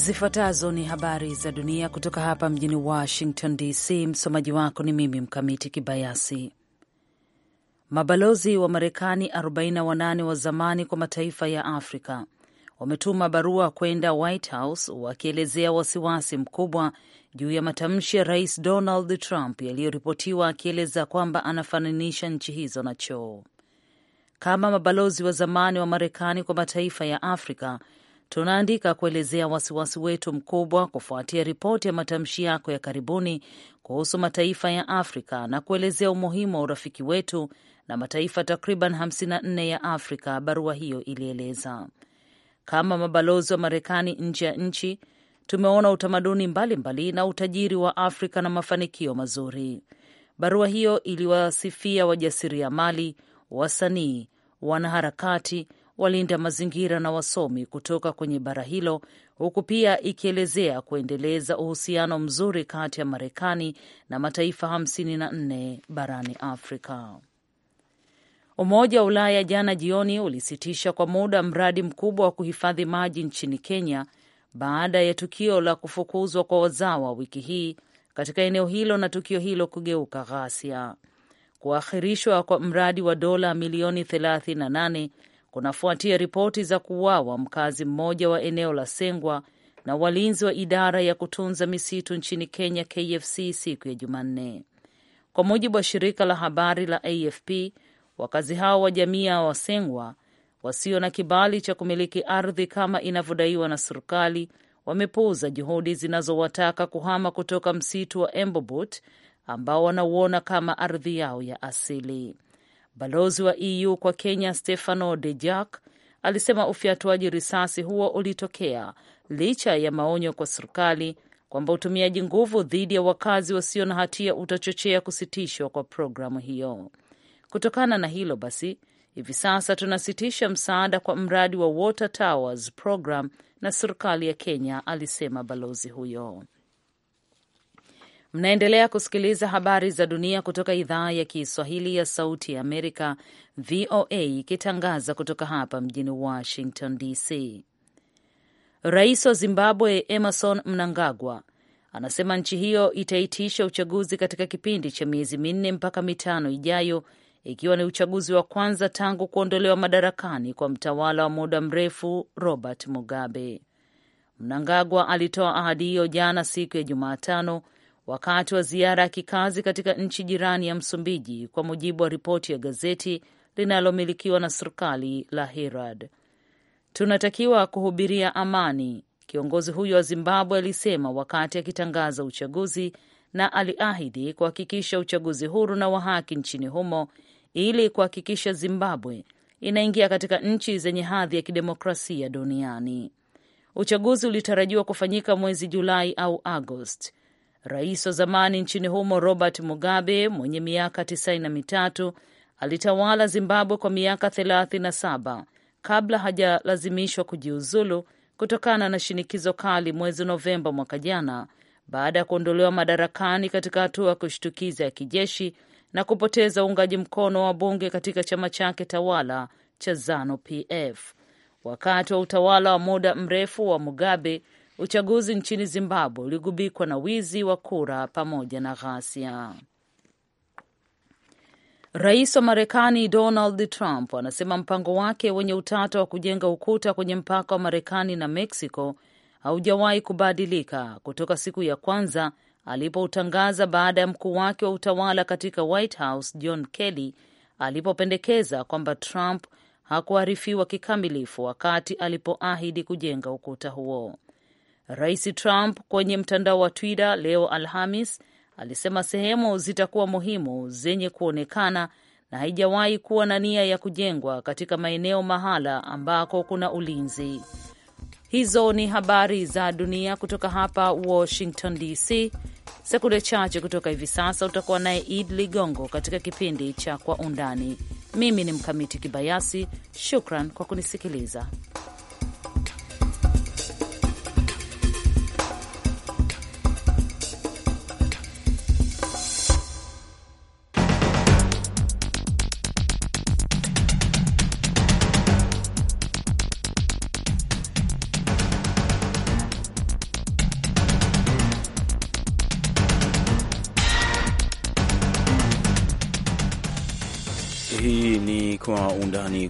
Zifuatazo ni habari za dunia kutoka hapa mjini Washington DC. Msomaji wako ni mimi Mkamiti Kibayasi. Mabalozi wa Marekani 48 wa zamani kwa mataifa ya Afrika wametuma barua kwenda White House wakielezea wasiwasi mkubwa juu ya matamshi ya Rais Donald Trump yaliyoripotiwa akieleza kwamba anafananisha nchi hizo na choo. Kama mabalozi wa zamani wa Marekani kwa mataifa ya Afrika Tunaandika kuelezea wasiwasi wetu mkubwa kufuatia ripoti ya matamshi yako ya karibuni kuhusu mataifa ya Afrika na kuelezea umuhimu wa urafiki wetu na mataifa takriban 54 ya Afrika, barua hiyo ilieleza. Kama mabalozi wa Marekani nje ya nchi, tumeona utamaduni mbalimbali mbali na utajiri wa Afrika na mafanikio mazuri. Barua hiyo iliwasifia wajasiriamali, wasanii, wanaharakati walinda mazingira na wasomi kutoka kwenye bara hilo, huku pia ikielezea kuendeleza uhusiano mzuri kati ya Marekani na mataifa 54 barani Afrika. Umoja wa Ulaya jana jioni ulisitisha kwa muda mradi mkubwa wa kuhifadhi maji nchini Kenya baada ya tukio la kufukuzwa kwa wazawa wiki hii katika eneo hilo na tukio hilo kugeuka ghasia. Kuahirishwa kwa mradi wa dola milioni kunafuatia ripoti za kuuawa mkazi mmoja wa eneo la Sengwa na walinzi wa idara ya kutunza misitu nchini Kenya, KFC, siku ya Jumanne, kwa mujibu wa shirika la habari la AFP. Wakazi hao wa jamii ya Wasengwa wasio na kibali cha kumiliki ardhi kama inavyodaiwa na serikali wamepuuza juhudi zinazowataka kuhama kutoka msitu wa Embobot ambao wanauona kama ardhi yao ya asili. Balozi wa EU kwa Kenya Stefano de Jack alisema ufyatuaji risasi huo ulitokea licha ya maonyo kwa serikali kwamba utumiaji nguvu dhidi ya wakazi wasio na hatia utachochea kusitishwa kwa programu hiyo. Kutokana na hilo basi, hivi sasa tunasitisha msaada kwa mradi wa Water Towers program na serikali ya Kenya, alisema balozi huyo. Mnaendelea kusikiliza habari za dunia kutoka idhaa ya Kiswahili ya Sauti ya Amerika, VOA, ikitangaza kutoka hapa mjini Washington DC. Rais wa Zimbabwe Emerson Mnangagwa anasema nchi hiyo itaitisha uchaguzi katika kipindi cha miezi minne mpaka mitano ijayo, ikiwa ni uchaguzi wa kwanza tangu kuondolewa madarakani kwa mtawala wa muda mrefu Robert Mugabe. Mnangagwa alitoa ahadi hiyo jana siku ya Jumatano wakati wa ziara ya kikazi katika nchi jirani ya Msumbiji, kwa mujibu wa ripoti ya gazeti linalomilikiwa na serikali la Herald. Tunatakiwa kuhubiria amani, kiongozi huyo wa Zimbabwe alisema wakati akitangaza uchaguzi, na aliahidi kuhakikisha uchaguzi huru na wa haki nchini humo ili kuhakikisha Zimbabwe inaingia katika nchi zenye hadhi ya kidemokrasia duniani. Uchaguzi ulitarajiwa kufanyika mwezi Julai au Agosti. Rais wa zamani nchini humo Robert Mugabe mwenye miaka tisini na mitatu alitawala Zimbabwe kwa miaka thelathini na saba kabla hajalazimishwa kujiuzulu kutokana na shinikizo kali mwezi Novemba mwaka jana baada ya kuondolewa madarakani katika hatua ya kushtukiza ya kijeshi na kupoteza uungaji mkono wa bunge katika chama chake tawala cha Zanu PF. Wakati wa utawala wa muda mrefu wa Mugabe, uchaguzi nchini Zimbabwe uligubikwa na wizi wa kura pamoja na ghasia. Rais wa Marekani Donald Trump anasema mpango wake wenye utata wa kujenga ukuta kwenye mpaka wa Marekani na Mexico haujawahi kubadilika kutoka siku ya kwanza alipoutangaza baada ya mkuu wake wa utawala katika White House John Kelly alipopendekeza kwamba Trump hakuarifiwa kikamilifu wakati alipoahidi kujenga ukuta huo. Rais Trump kwenye mtandao wa Twitter leo Alhamis alisema sehemu zitakuwa muhimu zenye kuonekana na haijawahi kuwa na nia ya kujengwa katika maeneo mahala ambako kuna ulinzi. Hizo ni habari za dunia kutoka hapa Washington DC. Sekunde chache kutoka hivi sasa utakuwa naye Id Ligongo katika kipindi cha Kwa Undani. Mimi ni Mkamiti Kibayasi, shukran kwa kunisikiliza.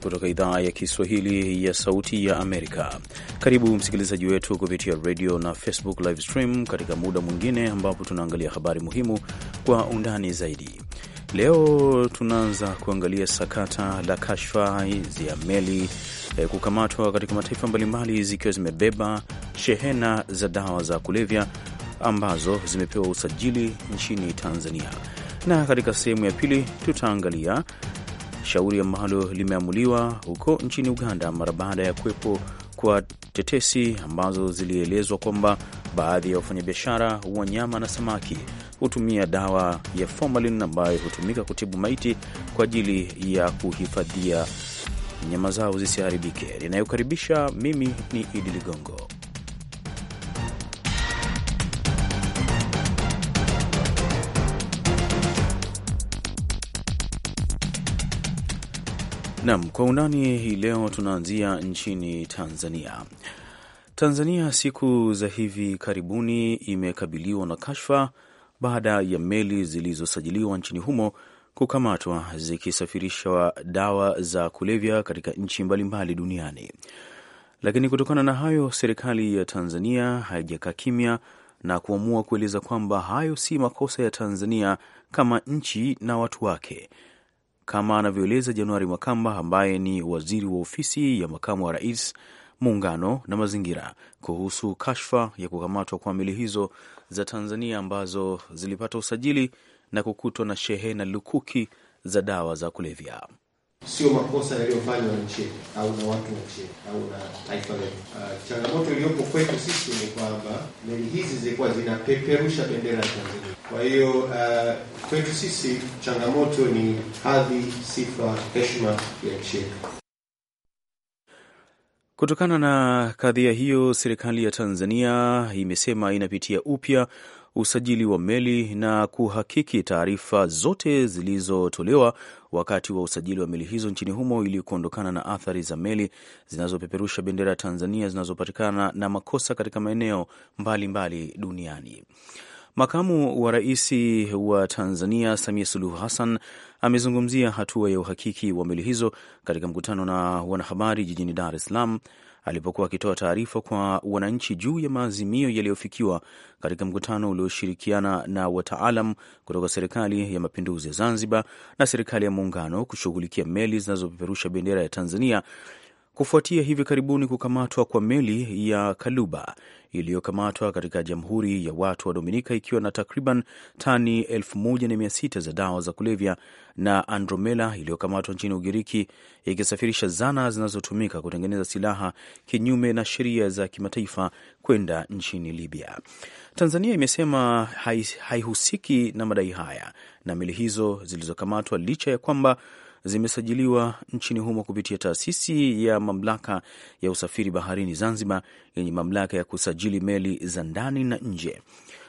kutoka idhaa ya Kiswahili ya Sauti ya Amerika. Karibu msikilizaji wetu kupitia radio na Facebook live stream katika muda mwingine ambapo tunaangalia habari muhimu kwa undani zaidi. Leo tunaanza kuangalia sakata la kashfa ya meli eh, kukamatwa katika mataifa mbalimbali zikiwa zimebeba shehena za dawa za kulevya ambazo zimepewa usajili nchini Tanzania na katika sehemu ya pili tutaangalia shauri ambalo limeamuliwa huko nchini Uganda mara baada ya kuwepo kwa tetesi ambazo zilielezwa kwamba baadhi ya wafanyabiashara wa nyama na samaki hutumia dawa ya formalin ambayo hutumika kutibu maiti kwa ajili ya kuhifadhia nyama zao zisiharibike. Ninayokaribisha mimi ni Idi Ligongo. Nam kwa undani hii leo, tunaanzia nchini Tanzania. Tanzania siku za hivi karibuni imekabiliwa na kashfa baada ya meli zilizosajiliwa nchini humo kukamatwa zikisafirisha dawa za kulevya katika nchi mbalimbali duniani. Lakini kutokana na hayo, serikali ya Tanzania haijakaa kimya na kuamua kueleza kwamba hayo si makosa ya Tanzania kama nchi na watu wake, kama anavyoeleza Januari Makamba ambaye ni waziri wa ofisi ya makamu wa rais muungano na mazingira kuhusu kashfa ya kukamatwa kwa meli hizo za Tanzania ambazo zilipata usajili na kukutwa na shehena lukuki za dawa za kulevya sio makosa yaliyofanywa na nchi au na watu wa nchi au na taifa letu. Uh, changamoto iliyopo kwetu sisi ni kwamba meli hizi zilikuwa zinapeperusha bendera ya Tanzania. Kwa hiyo uh, kwetu sisi changamoto ni hadhi, sifa, heshima ya nchi yetu. Kutokana na kadhia hiyo, serikali ya Tanzania imesema inapitia upya usajili wa meli na kuhakiki taarifa zote zilizotolewa wakati wa usajili wa meli hizo nchini humo ili kuondokana na athari za meli zinazopeperusha bendera ya Tanzania zinazopatikana na makosa katika maeneo mbalimbali duniani. Makamu wa rais wa Tanzania Samia Suluhu Hassan amezungumzia hatua ya uhakiki wa meli hizo katika mkutano na wanahabari jijini Dar es Salaam alipokuwa akitoa taarifa kwa wananchi juu ya maazimio yaliyofikiwa katika mkutano ulioshirikiana na wataalam kutoka serikali ya mapinduzi ya Zanzibar na serikali ya muungano kushughulikia meli zinazopeperusha bendera ya Tanzania kufuatia hivi karibuni kukamatwa kwa meli ya Kaluba iliyokamatwa katika Jamhuri ya Watu wa Dominika ikiwa na takriban tani 1600 za dawa za kulevya na Andromela iliyokamatwa nchini Ugiriki ikisafirisha zana zinazotumika kutengeneza silaha kinyume na sheria za kimataifa kwenda nchini Libya. Tanzania imesema haihusiki hai na madai haya na meli hizo zilizokamatwa licha ya kwamba zimesajiliwa nchini humo kupitia taasisi ya mamlaka ya usafiri baharini Zanzibar yenye mamlaka ya kusajili meli za ndani na nje.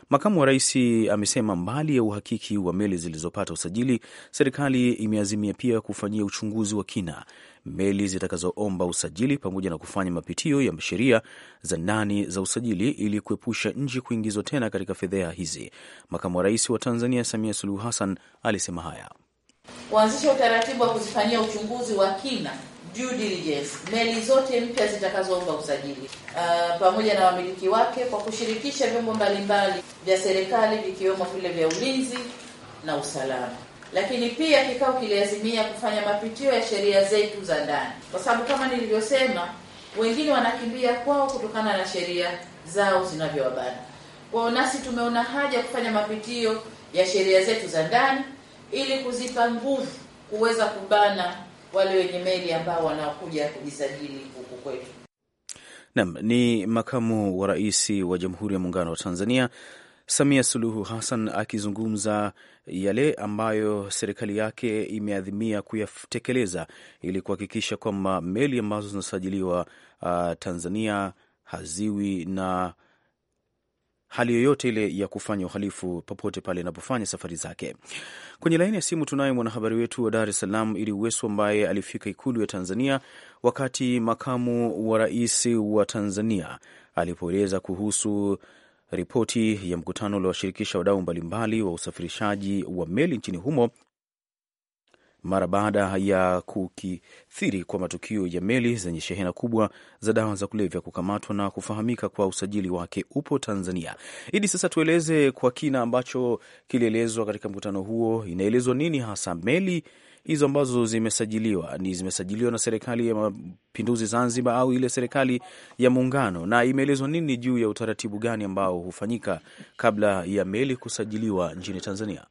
Makamu wa rais amesema mbali ya uhakiki wa meli zilizopata usajili, serikali imeazimia pia kufanyia uchunguzi wa kina meli zitakazoomba usajili pamoja na kufanya mapitio ya sheria za ndani za usajili ili kuepusha nchi kuingizwa tena katika fedheha hizi. Makamu wa rais wa Tanzania Samia Suluhu Hassan alisema haya kuanzisha utaratibu wa kuzifanyia uchunguzi wa kina due diligence meli zote mpya zitakazoomba usajili uh, pamoja na wamiliki wake kwa kushirikisha vyombo mbalimbali vya serikali vikiwemo vile vya ulinzi na usalama. Lakini pia kikao kiliazimia kufanya mapitio ya sheria zetu za ndani, kwa sababu kama nilivyosema, wengine wanakimbia kwao kutokana na sheria zao zinavyowabana kwao, nasi tumeona haja ya kufanya mapitio ya sheria zetu za ndani ili kuzipa nguvu kuweza kubana wale wenye meli ambao wanaokuja kujisajili huku kwetu. Naam, ni makamu wa rais wa Jamhuri ya Muungano wa Tanzania Samia Suluhu Hassan akizungumza yale ambayo serikali yake imeadhimia kuyatekeleza ili kuhakikisha kwamba meli ambazo zinasajiliwa uh, Tanzania haziwi na hali yoyote ile ya kufanya uhalifu popote pale inapofanya safari zake. Kwenye laini ya simu tunaye mwanahabari wetu wa Dar es Salaam, Ili Uwesu, ambaye alifika Ikulu ya Tanzania wakati makamu wa rais wa Tanzania alipoeleza kuhusu ripoti ya mkutano uliowashirikisha wadau mbalimbali wa usafirishaji wa meli nchini humo mara baada ya kukithiri kwa matukio ya meli zenye shehena kubwa za dawa za kulevya kukamatwa na kufahamika kwa usajili wake upo Tanzania. hidi sasa tueleze kwa kina ambacho kilielezwa katika mkutano huo. Inaelezwa nini hasa meli hizo ambazo zimesajiliwa ni zimesajiliwa na serikali ya mapinduzi Zanzibar au ile serikali ya muungano, na imeelezwa nini juu ya utaratibu gani ambao hufanyika kabla ya meli kusajiliwa nchini Tanzania?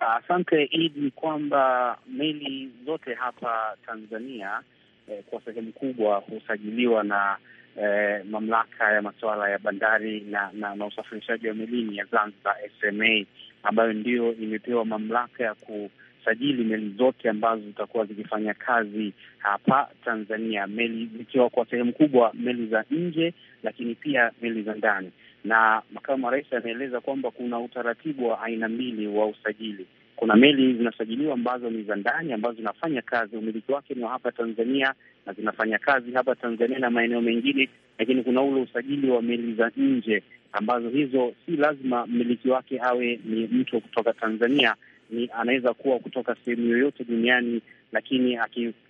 Ah, asante Idi, ni kwamba meli zote hapa Tanzania eh, kwa sehemu kubwa husajiliwa na eh, mamlaka ya masuala ya bandari na, na, na usafirishaji wa melini ya Zanzibar SMA, ambayo ndio imepewa mamlaka ya kusajili meli zote ambazo zitakuwa zikifanya kazi hapa Tanzania, meli zikiwa kwa sehemu kubwa meli za nje, lakini pia meli za ndani na makamu wa rais ameeleza kwamba kuna utaratibu wa aina mbili wa usajili. Kuna meli zinasajiliwa ambazo ni za ndani, ambazo zinafanya kazi, umiliki wake ni wa hapa Tanzania na zinafanya kazi hapa Tanzania na maeneo mengine, lakini kuna ule usajili wa meli za nje ambazo hizo si lazima mmiliki wake awe ni mtu kutoka Tanzania, ni anaweza kuwa kutoka sehemu yoyote duniani, lakini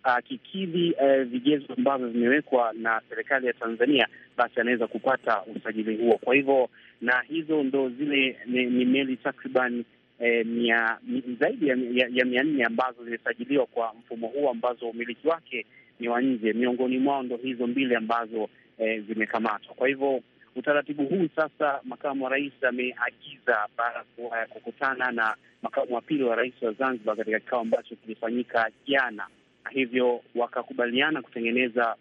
akikidhi eh, vigezo ambavyo vimewekwa na serikali ya Tanzania, basi anaweza kupata usajili huo. Kwa hivyo, na hizo ndo zile ni, ni meli takriban eh, mia, zaidi ya, ya, ya mia nne ambazo zimesajiliwa kwa mfumo huo ambazo umiliki wake ni wa nje. Miongoni mwao ndo hizo mbili ambazo eh, zimekamatwa. Kwa hivyo utaratibu huu sasa, makamu wa rais ameagiza ya kukutana na makamu wa pili wa rais wa Zanzibar katika kikao ambacho kilifanyika jana, na hivyo wakakubaliana kutengeneza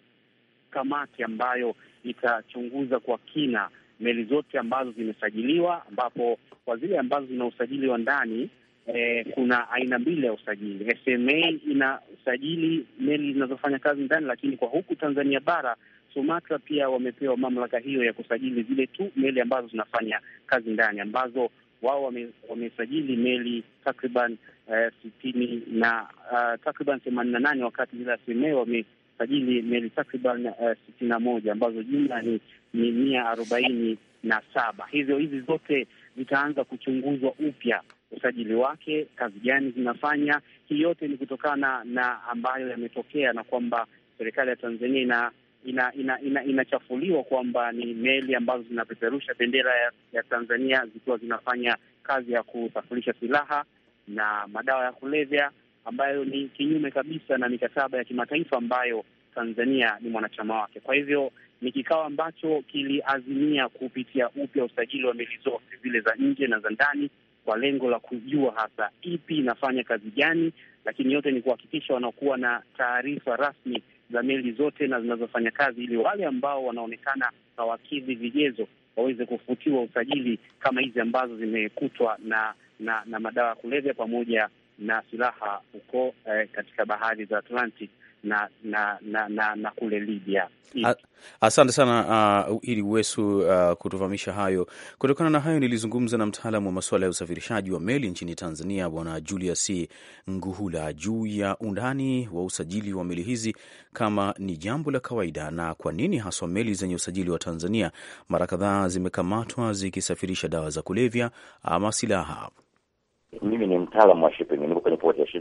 kamati ambayo itachunguza kwa kina meli zote ambazo zimesajiliwa, ambapo kwa zile ambazo zina usajili wa ndani eh, kuna aina mbili ya usajili. SMA ina usajili meli zinazofanya kazi ndani, lakini kwa huku Tanzania bara Sumatra pia wamepewa mamlaka hiyo ya kusajili zile tu meli ambazo zinafanya kazi ndani, ambazo wao wame, wamesajili meli takriban eh, sitini uh, na uh, takriban themanini na nane wakati zile asilimia wamesajili meli takriban eh, sitini uh, na moja ambazo jumla ni ni mia arobaini na saba. Hivyo hizi zote zitaanza kuchunguzwa upya usajili wake, kazi gani zinafanya. Hii yote ni kutokana na ambayo yametokea na kwamba serikali ya Tanzania ina inachafuliwa ina, ina, ina kwamba ni meli ambazo zinapeperusha bendera ya, ya Tanzania zikiwa zinafanya kazi ya kusafirisha silaha na madawa ya kulevya ambayo ni kinyume kabisa na mikataba ya kimataifa ambayo Tanzania ni mwanachama wake. Kwa hivyo ni kikao ambacho kiliazimia kupitia upya usajili wa meli zote zile za nje na za ndani kwa lengo la kujua hasa ipi inafanya kazi gani, lakini yote ni kuhakikisha wanakuwa na taarifa rasmi za meli zote na zinazofanya kazi, ili wale ambao wanaonekana hawakidhi vigezo waweze kufutiwa usajili kama hizi ambazo zimekutwa na na, na madawa ya kulevya pamoja na silaha huko eh, katika bahari za Atlantic na na na, na, na kule Libya. Asante sana uh, ili uwesu uh, kutufahamisha hayo. Kutokana na hayo, nilizungumza na mtaalamu wa masuala ya usafirishaji wa meli nchini Tanzania, Bwana Julius Nguhula juu ya undani wa usajili wa meli hizi, kama ni jambo la kawaida na kwa nini haswa meli zenye usajili wa Tanzania mara kadhaa zimekamatwa zikisafirisha dawa za kulevya ama silaha. Mimi ni mtaalamu wa shipping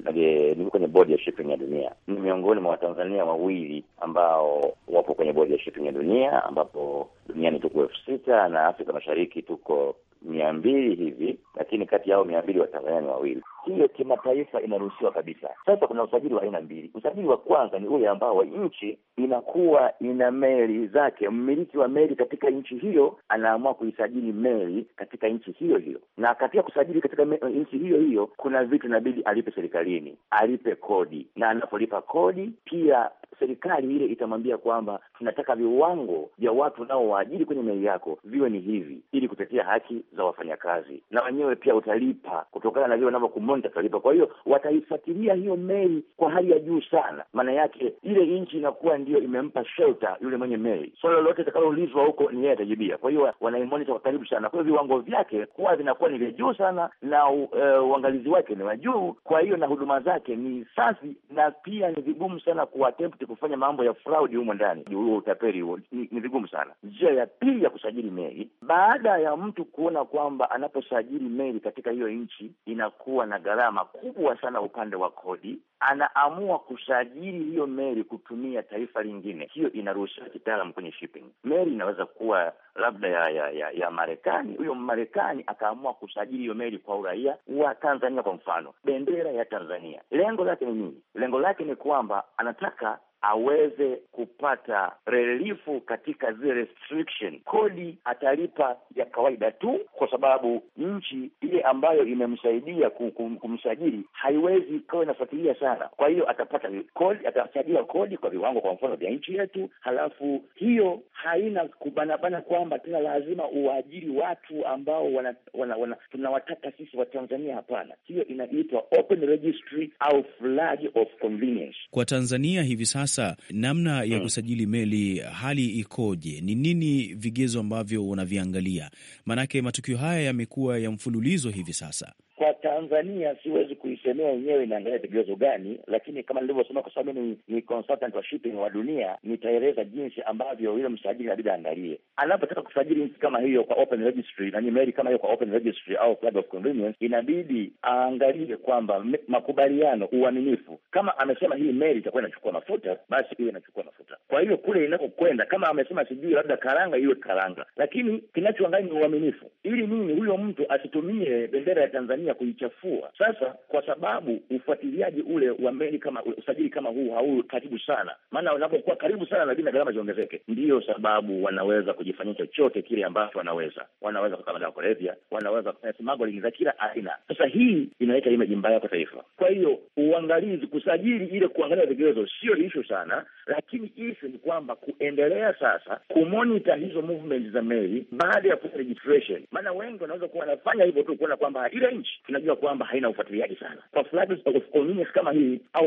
nilikuwa kwenye bodi ya shipping ya dunia. Ni miongoni mwa Watanzania wawili ambao wapo kwenye bodi ya shipping ya dunia, ambapo duniani tuko elfu sita na Afrika Mashariki tuko mia mbili hivi, lakini kati yao mia mbili Watanzania ni wawili hiyo kimataifa inaruhusiwa kabisa. Sasa kuna usajili wa aina mbili. Usajili wa kwanza ni ule ambao nchi inakuwa ina meli zake, mmiliki wa meli katika nchi hiyo anaamua kuisajili meli katika nchi hiyo hiyo, na katika kusajili katika nchi hiyo hiyo kuna vitu inabidi alipe serikalini, alipe kodi, na anapolipa kodi pia serikali ile itamwambia kwamba tunataka viwango vya watu unaowaajiri kwenye meli yako viwe ni hivi, ili kutetea haki za wafanyakazi, na wenyewe pia utalipa kutokana na vile wanavyokumo ndipo nitatalipa. Kwa hiyo wataifuatilia hiyo meli kwa hali ya juu sana, maana yake ile nchi inakuwa ndio imempa shelter yule mwenye meli. Swala lolote litakaloulizwa huko ni yeye atajibia. Kwa hiyo wanaimonita kwa karibu sana, kwa hiyo viwango vyake huwa vinakuwa ni vya juu sana na e, uangalizi wake ni wa juu. Kwa hiyo na huduma zake ni safi, na pia ni vigumu sana kuattempt kufanya mambo ya fraud humo ndani, huo utapeli huo ni, ni vigumu sana. Njia ya pili ya kusajili meli, baada ya mtu kuona kwamba anaposajili meli katika hiyo nchi inakuwa na gharama kubwa sana upande wa kodi, anaamua kusajili hiyo meli kutumia taifa lingine. Hiyo inaruhusiwa kitaalamu kwenye shipping. Meli inaweza kuwa labda ya ya, ya, ya Marekani. Huyo Marekani akaamua kusajili hiyo meli kwa uraia wa Tanzania, kwa mfano bendera ya Tanzania. Lengo lake ni nini? Lengo lake ni kwamba anataka aweze kupata relifu katika zile restriction. Kodi atalipa ya kawaida tu, kwa sababu nchi ile ambayo imemsaidia kumsajili haiwezi ikawa inafuatilia sana. Kwa hiyo atapata kodi, atachajiwa kodi kwa viwango, kwa mfano vya nchi yetu. Halafu hiyo haina kubanabana kwamba tena lazima uwaajiri watu ambao wana, wana, wana, tunawataka sisi Watanzania. Hapana, hiyo inaitwa open registry au flag of convenience kwa Tanzania hivi sasa. Sasa namna ya hmm. kusajili meli, hali ikoje? Ni nini vigezo ambavyo unaviangalia? Maanake matukio haya yamekuwa ya mfululizo hivi sasa. Tanzania siwezi kuisemea yenyewe inaangalia vigezo gani, lakini kama nilivyosema, kwa sababu ni, ni consultant wa shipping wa dunia, nitaeleza jinsi ambavyo yule msajili inabidi aangalie anapotaka kusajili nchi kama hiyo kwa open registry na meli kama hiyo kwa open registry au club of convenience, inabidi aangalie kwamba makubaliano, uaminifu. Kama amesema hii meli itakuwa inachukua mafuta, basi iwe inachukua mafuta. Kwa hiyo kule inakokwenda, kama amesema sijui labda karanga, iwe karanga, lakini kinachoangalia ni uaminifu, ili nini huyo mtu asitumie bendera ya Tanzania kuicha kuchafua. Sasa kwa sababu ufuatiliaji ule wa meli kama usajili kama huu hau karibu sana, maana unapokuwa karibu sana lazima gharama ziongezeke. Ndiyo sababu wanaweza kujifanyia chochote kile ambacho wanaweza, wanaweza kutoa madawa kulevya, wanaweza kufanya smuggling za kila aina. Sasa hii inaleta imeji mbaya kwa taifa. Kwa hiyo uangalizi, kusajili ile kuangalia vigezo sio ishu sana, lakini ishu ni kwamba kuendelea sasa kumonita hizo movement za meli baada ya kufanya registration, maana wengi wanaweza kuwa wanafanya hivyo tu kuona kwamba ile nchi tunajua kujua kwamba haina ufuatiliaji sana. Onus kama hii au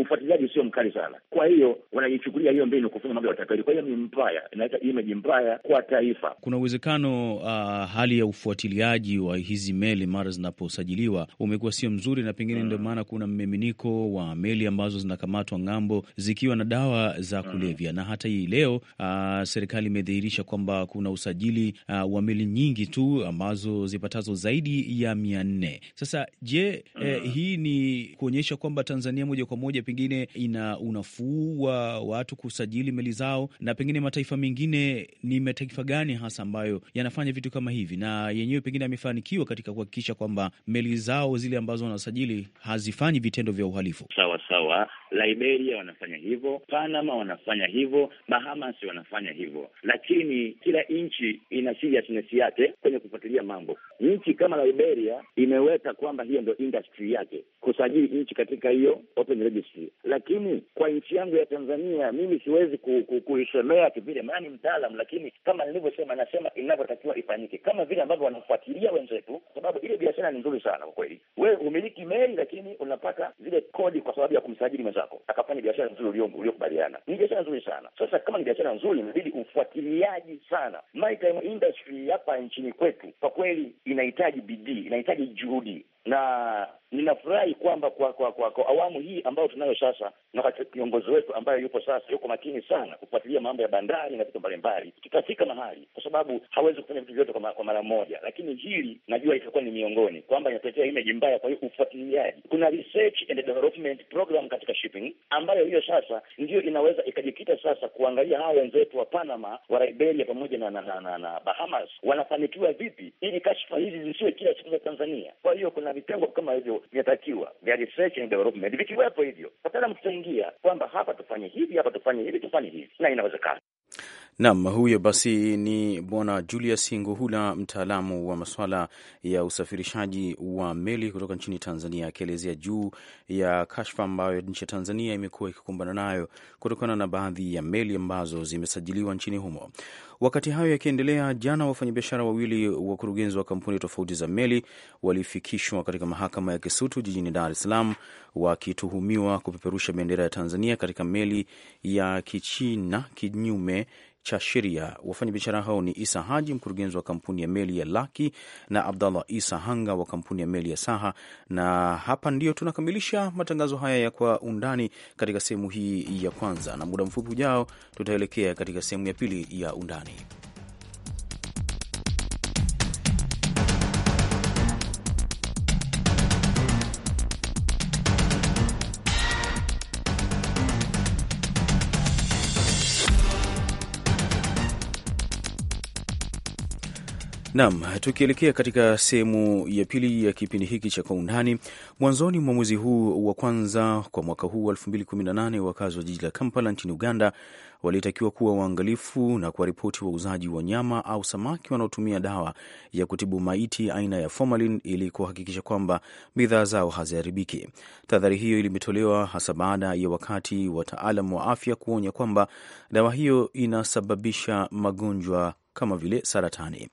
ufuatiliaji usio mkali sana, kwa hiyo wanajichukulia hiyo mbinu kufanya mambo ya utapeli. Kwa hiyo ni mbaya, inaleta imeji mbaya kwa taifa. Kuna uwezekano uh, hali ya ufuatiliaji wa hizi meli mara zinaposajiliwa umekuwa sio mzuri, na pengine ndio mm. maana kuna mmiminiko wa meli ambazo zinakamatwa ng'ambo zikiwa na dawa za mm. kulevya. Na hata hii leo uh, serikali imedhihirisha kwamba kuna usajili uh, wa meli nyingi tu ambazo zipatazo zaidi ya mia nne sasa je, eh, mm. eh, hii ni kuonyesha kwamba Tanzania moja kwa moja pengine ina unafuu wa watu kusajili meli zao, na pengine mataifa mengine ni mataifa gani hasa ambayo yanafanya vitu kama hivi, na yenyewe pengine amefanikiwa katika kuhakikisha kwamba meli zao zile ambazo wanasajili hazifanyi vitendo vya uhalifu? Sawa sawa, Liberia wanafanya hivyo, Panama wanafanya hivyo, Bahamas wanafanya hivyo, lakini kila nchi ina seriousness yake kwenye kufuatilia mambo. Nchi kama Liberia imewe kuleta kwamba hiyo ndio industry yake, kusajili nchi katika hiyo open registry. Lakini kwa nchi yangu ya Tanzania mimi siwezi ku, kuisemea kivile, maana ni mtaalam, lakini kama nilivyosema, nasema inavyotakiwa ifanyike, kama vile ambavyo wanafuatilia wenzetu, kwa sababu ile biashara ni nzuri sana kwa kweli. Wewe humiliki meli, lakini unapata zile kodi kwa sababu ya kumsajili mwenzako akafanya biashara nzuri uliokubaliana. Ni biashara nzuri sana. Sasa kama ni biashara nzuri, inabidi ufuatiliaji sana. Maritime industry hapa nchini kwetu kwa kweli inahitaji bidii, inahitaji juhudi you. na ninafurahi kwamba kwa kwa, kwa kwa awamu hii ambayo tunayo sasa na katika kiongozi wetu ambaye yupo sasa, yuko makini sana kufuatilia mambo ya bandari na vitu mbalimbali, tutafika mahali, kwa sababu hawezi kufanya vitu vyote kwa mara moja, lakini hili najua itakuwa ni miongoni kwamba inatetea image mbaya. Kwa hiyo ufuatiliaji, kuna research and development program katika shipping ambayo hiyo sasa ndiyo inaweza ikajikita sasa kuangalia hawa wenzetu wa Panama, wa Liberia pamoja na, na, na, na, na Bahamas wanafanikiwa vipi ili kashfa hizi zisiwe kila siku za Tanzania. Kwa hiyo kuna na vitengo kama hivyo vinatakiwa vya research and development, vikiwepo hivyo wataalamu tutaingia kwamba hapa tufanye hivi, hapa tufanye hivi, tufanye hivi, na inawezekana. Nam, huyo basi ni bwana Julius Nguhula, mtaalamu wa masuala ya usafirishaji wa meli kutoka nchini Tanzania, akielezea juu ya kashfa ambayo nchi ya Tanzania imekuwa ikikumbana nayo kutokana na baadhi ya meli ambazo zimesajiliwa nchini humo. Wakati hayo yakiendelea, jana wafanyabiashara wawili wakurugenzi wa kampuni tofauti za meli walifikishwa katika mahakama ya Kisutu jijini Dar es Salaam wakituhumiwa kupeperusha bendera ya Tanzania katika meli ya Kichina kinyume cha sheria. Wafanyabiashara hao ni Isa Haji, mkurugenzi wa kampuni ya meli ya Laki, na Abdallah Isa Hanga wa kampuni ya meli ya Saha. Na hapa ndio tunakamilisha matangazo haya ya Kwa Undani katika sehemu hii ya kwanza, na muda mfupi ujao tutaelekea katika sehemu ya pili ya Undani. nam tukielekea katika sehemu ya pili ya kipindi hiki cha Kwa Undani, mwanzoni mwa mwezi huu wa kwanza kwa mwaka huu wa 2018 wakazi wa jiji la Kampala nchini Uganda walitakiwa kuwa waangalifu na kuwaripoti wauzaji wa nyama au samaki wanaotumia dawa ya kutibu maiti aina ya formalin ili kuhakikisha kwamba bidhaa zao haziharibiki. Tahadhari hiyo ilimetolewa hasa baada ya wakati wataalam wa afya kuonya kwamba dawa hiyo inasababisha magonjwa kama vile saratani.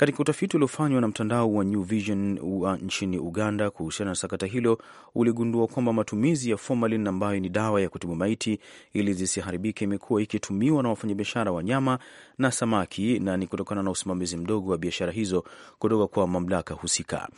Katika utafiti uliofanywa na mtandao wa New Vision wa uh, nchini Uganda kuhusiana na sakata hilo, uligundua kwamba matumizi ya formalin ambayo ni dawa ya kutibu maiti ili zisiharibike imekuwa ikitumiwa na wafanyabiashara wa nyama na samaki, na ni kutokana na usimamizi mdogo wa biashara hizo kutoka kwa mamlaka husika.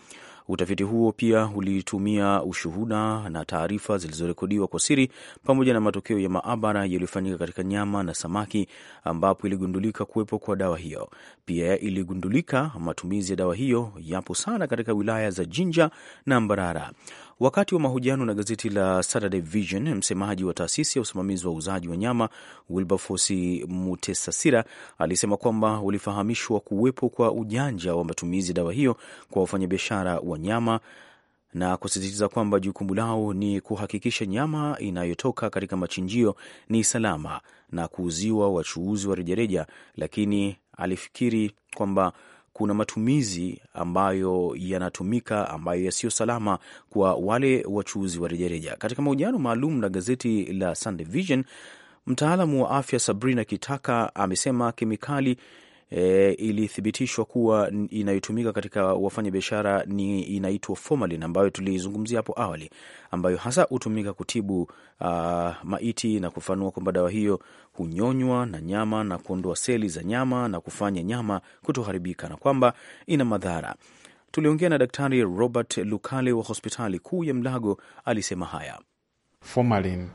Utafiti huo pia ulitumia ushuhuda na taarifa zilizorekodiwa kwa siri pamoja na matokeo ya maabara yaliyofanyika katika nyama na samaki, ambapo iligundulika kuwepo kwa dawa hiyo. Pia iligundulika matumizi ya dawa hiyo yapo sana katika wilaya za Jinja na Mbarara. Wakati wa mahojiano na gazeti la Saturday Vision, msemaji wa taasisi ya usimamizi wa uuzaji wa nyama Wilberforce Mutesasira alisema kwamba walifahamishwa kuwepo kwa ujanja wa matumizi dawa hiyo kwa wafanyabiashara wa nyama na kusisitiza kwamba jukumu lao ni kuhakikisha nyama inayotoka katika machinjio ni salama na kuuziwa wachuuzi wa rejareja, lakini alifikiri kwamba kuna matumizi ambayo yanatumika ambayo yasiyo salama kwa wale wachuuzi wa rejareja. Katika mahojiano maalum na gazeti la Sunday Vision, mtaalamu wa afya Sabrina Kitaka amesema kemikali e, ilithibitishwa kuwa inayotumika katika wafanyabiashara ni inaitwa formalin ambayo tuliizungumzia hapo awali, ambayo hasa hutumika kutibu a, maiti na kufanua kwamba dawa hiyo hunyonywa na nyama na kuondoa seli za nyama na kufanya nyama kutoharibika na kwamba ina madhara. Tuliongea na Daktari Robert Lukale wa hospitali kuu ya Mlago, alisema haya formalin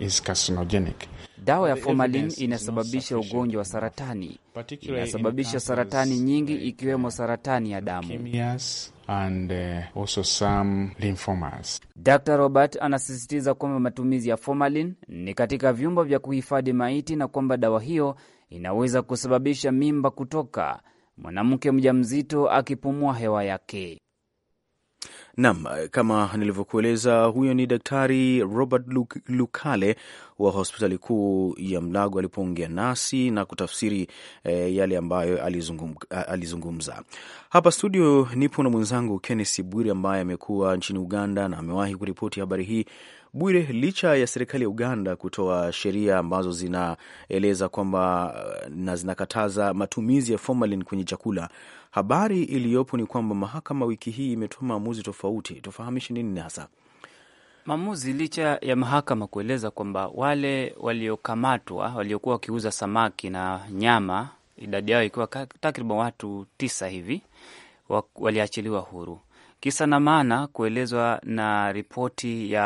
is carcinogenic. Dawa ya formalin inasababisha ugonjwa wa saratani, inasababisha saratani nyingi ikiwemo saratani ya damu. And, uh, also some lymphomas. Dr. Robert anasisitiza kwamba matumizi ya formalin ni katika vyumba vya kuhifadhi maiti na kwamba dawa hiyo inaweza kusababisha mimba kutoka mwanamke mjamzito akipumua hewa yake. Nam, kama nilivyokueleza, huyo ni Daktari Robert Lukale wa hospitali kuu ya Mlago alipoongea nasi na kutafsiri eh, yale ambayo alizungum, alizungumza. Hapa studio nipo na mwenzangu kennesi Bwiri ambaye amekuwa nchini Uganda na amewahi kuripoti habari hii Bwire, licha ya serikali ya Uganda kutoa sheria ambazo zinaeleza kwamba uh, na zinakataza matumizi ya formalin kwenye chakula, habari iliyopo ni kwamba mahakama wiki hii imetoa maamuzi tofauti. Tufahamishe nini hasa maamuzi, licha ya mahakama kueleza kwamba wale waliokamatwa waliokuwa wakiuza samaki na nyama, idadi yao ikiwa takriban watu tisa hivi, waliachiliwa huru Kisa na maana kuelezwa na ripoti ya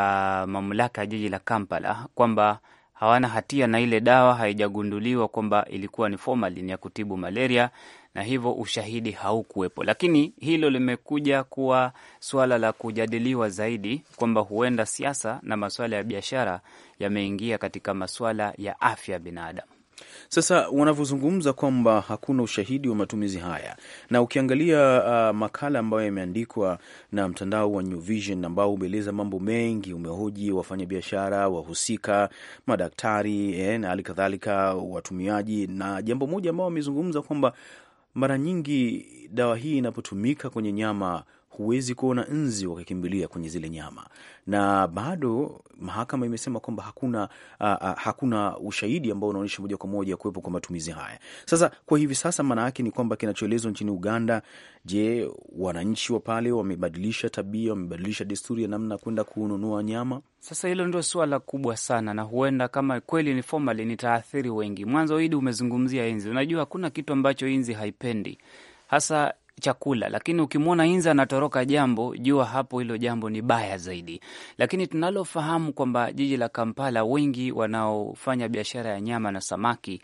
mamlaka ya jiji la Kampala kwamba hawana hatia na ile dawa haijagunduliwa kwamba ilikuwa ni formalin ya kutibu malaria, na hivyo ushahidi haukuwepo. Lakini hilo limekuja kuwa suala la kujadiliwa zaidi, kwamba huenda siasa na masuala ya biashara yameingia katika masuala ya afya ya binadamu. Sasa wanavyozungumza kwamba hakuna ushahidi wa matumizi haya, na ukiangalia uh, makala ambayo yameandikwa na mtandao wa New Vision ambao umeeleza mambo mengi, umehoji wafanyabiashara, wahusika, madaktari eh, na hali kadhalika watumiaji, na jambo moja ambao wamezungumza kwamba mara nyingi dawa hii inapotumika kwenye nyama huwezi kuona nzi wakikimbilia kwenye zile nyama, na bado mahakama imesema kwamba hakuna, uh, uh, hakuna ushahidi ambao unaonyesha moja kwa moja kuwepo kwa matumizi haya. Sasa kwa hivi sasa, maana yake ni kwamba kinachoelezwa nchini Uganda, je, wananchi wa pale wamebadilisha tabia, wamebadilisha desturi ya namna kwenda kununua nyama? Sasa hilo ndio suala kubwa sana, na huenda kama kweli ni formali nitaathiri wengi. Mwanzo Idi umezungumzia inzi, unajua hakuna kitu ambacho inzi haipendi hasa chakula lakini ukimwona inza anatoroka jambo, jua hapo hilo jambo ni baya zaidi. Lakini tunalofahamu kwamba jiji la Kampala, wengi wanaofanya biashara ya nyama na samaki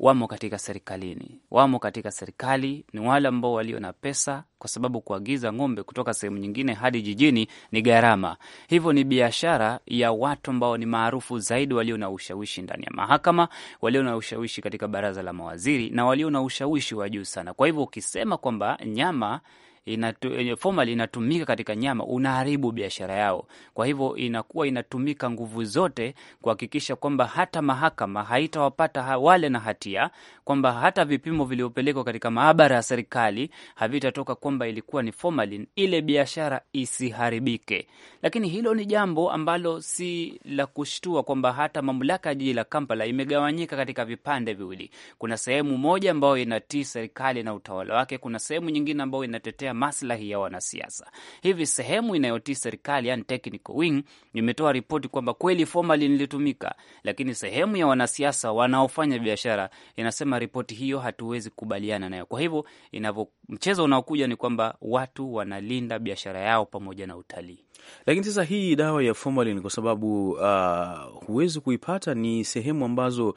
wamo katika serikalini, wamo katika serikali, ni wale ambao walio na pesa, kwa sababu kuagiza ng'ombe kutoka sehemu nyingine hadi jijini ni gharama. Hivyo ni biashara ya watu ambao ni maarufu zaidi, walio na ushawishi ndani ya mahakama, walio na ushawishi katika baraza la mawaziri na walio na ushawishi wa juu sana. Kwa hivyo ukisema kwamba nyama inatu, eh, formal inatumika katika nyama, unaharibu biashara yao. Kwa hivyo inakuwa inatumika nguvu zote kuhakikisha kwamba hata mahakama haitawapata wale na hatia, kwamba hata vipimo vilivyopelekwa katika maabara ya serikali havitatoka kwamba ilikuwa ni formalin, ile biashara isiharibike. Lakini hilo ni jambo ambalo si la kushtua kwamba hata mamlaka ya jiji la Kampala imegawanyika katika vipande viwili. Kuna sehemu moja ambayo inatii serikali na utawala wake, kuna sehemu nyingine ambayo inatetea maslahi ya wanasiasa. Hivi sehemu inayotii serikali, yani technical wing, imetoa ripoti kwamba kweli fomali nilitumika, lakini sehemu ya wanasiasa wanaofanya biashara inasema ripoti hiyo hatuwezi kubaliana nayo. Kwa hivyo inavyo mchezo unaokuja ni kwamba watu wanalinda biashara yao pamoja na utalii. Lakini sasa hii dawa ya formalin kwa sababu uh, huwezi kuipata ni sehemu ambazo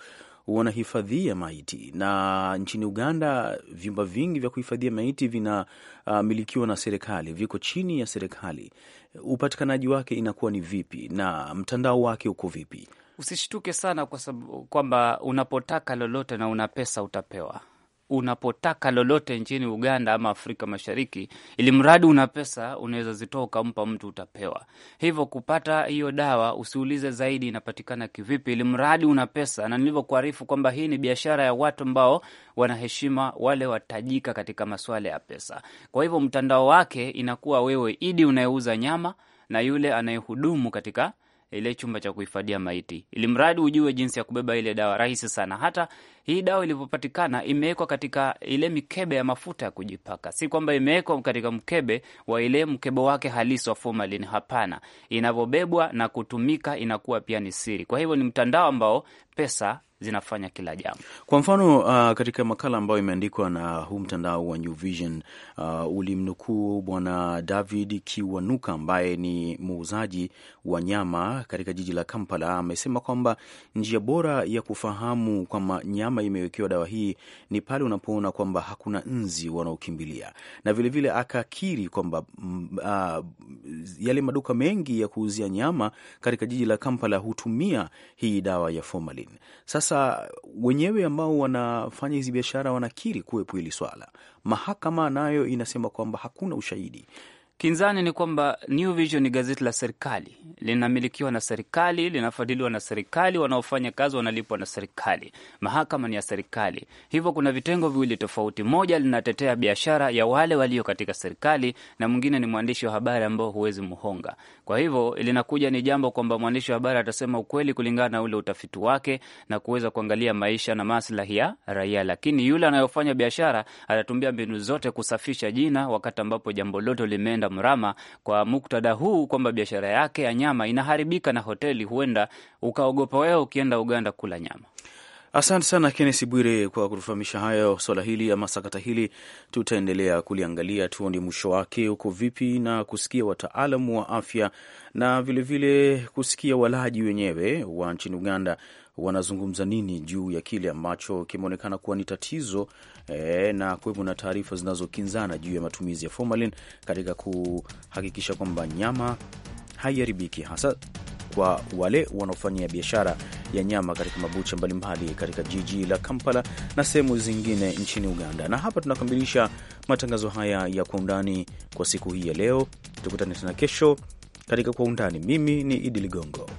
wanahifadhia maiti, na nchini Uganda vyumba vingi vya kuhifadhia maiti vinamilikiwa uh, na serikali, viko chini ya serikali. Upatikanaji wake inakuwa ni vipi na mtandao wake uko vipi? Usishtuke sana kwa sababu kwamba unapotaka lolote na una pesa utapewa unapotaka lolote nchini Uganda ama Afrika Mashariki, ili mradi una pesa unaweza zitoa ukampa mtu, utapewa. Hivyo kupata hiyo dawa, usiulize zaidi inapatikana kivipi, ili mradi una pesa. Na nilivyokuarifu kwamba hii ni biashara ya watu ambao wanaheshima wale watajika katika masuala ya pesa. Kwa hivyo mtandao wake inakuwa wewe Idi unayeuza nyama na yule anayehudumu katika ile chumba cha kuhifadhia maiti, ili mradi ujue jinsi ya kubeba ile dawa. Rahisi sana. Hata hii dawa ilivyopatikana imewekwa katika ile mikebe ya mafuta ya kujipaka, si kwamba imewekwa katika mkebe wa ile mkebe wake halisi wa formalin. Hapana, inavyobebwa na kutumika inakuwa pia ni siri. Kwa hivyo ni mtandao ambao pesa zinafanya kila jambo. Kwa mfano uh, katika makala ambayo imeandikwa na huu mtandao wa New Vision uh, ulimnukuu Bwana David Kiwanuka ambaye ni muuzaji wa nyama katika jiji la Kampala. Amesema kwamba njia bora ya kufahamu kwamba nyama imewekewa dawa hii ni pale unapoona kwamba hakuna nzi wanaokimbilia, na vilevile akakiri kwamba mm, uh, yale maduka mengi ya kuuzia nyama katika jiji la Kampala hutumia hii dawa ya formalin. Sasa sasa wenyewe ambao wanafanya hizi biashara wanakiri kuwepo hili swala. Mahakama nayo inasema kwamba hakuna ushahidi, Kinzani ni kwamba New Vision ni gazeti la serikali, linamilikiwa na serikali, linafadhiliwa na serikali, wanaofanya kazi wanalipwa na serikali, mahakama ni ya serikali. Hivyo kuna vitengo viwili tofauti, moja linatetea biashara ya wale walio katika serikali na mwingine ni mwandishi wa habari ambao huwezi mhonga. Kwa hivyo linakuja ni jambo kwamba mwandishi wa habari atasema ukweli kulingana na ule utafiti wake na kuweza kuangalia maisha na maslahi ya raia, lakini yule anayofanya biashara atatumia mbinu zote kusafisha jina, wakati ambapo jambo lote limeenda Mrama kwa muktadha huu kwamba biashara yake ya nyama inaharibika na hoteli huenda ukaogopa wewe ukienda Uganda kula nyama. Asante sana Kenesi Bwire kwa kutufahamisha hayo. Swala hili ama sakata hili tutaendelea kuliangalia, tuone mwisho wake uko vipi, na kusikia wataalamu wa afya na vilevile vile kusikia walaji wenyewe wa nchini Uganda wanazungumza nini juu ya kile ambacho kimeonekana kuwa ni tatizo e, na kuwepo na taarifa zinazokinzana juu ya matumizi ya formalin katika kuhakikisha kwamba nyama haiharibiki hasa kwa wale wanaofanyia biashara ya nyama katika mabucha mbalimbali katika jiji la Kampala na sehemu zingine nchini Uganda. Na hapa tunakamilisha matangazo haya ya Kwa Undani kwa siku hii ya leo. Tukutane tena kesho katika Kwa Undani. Mimi ni Idi Ligongo.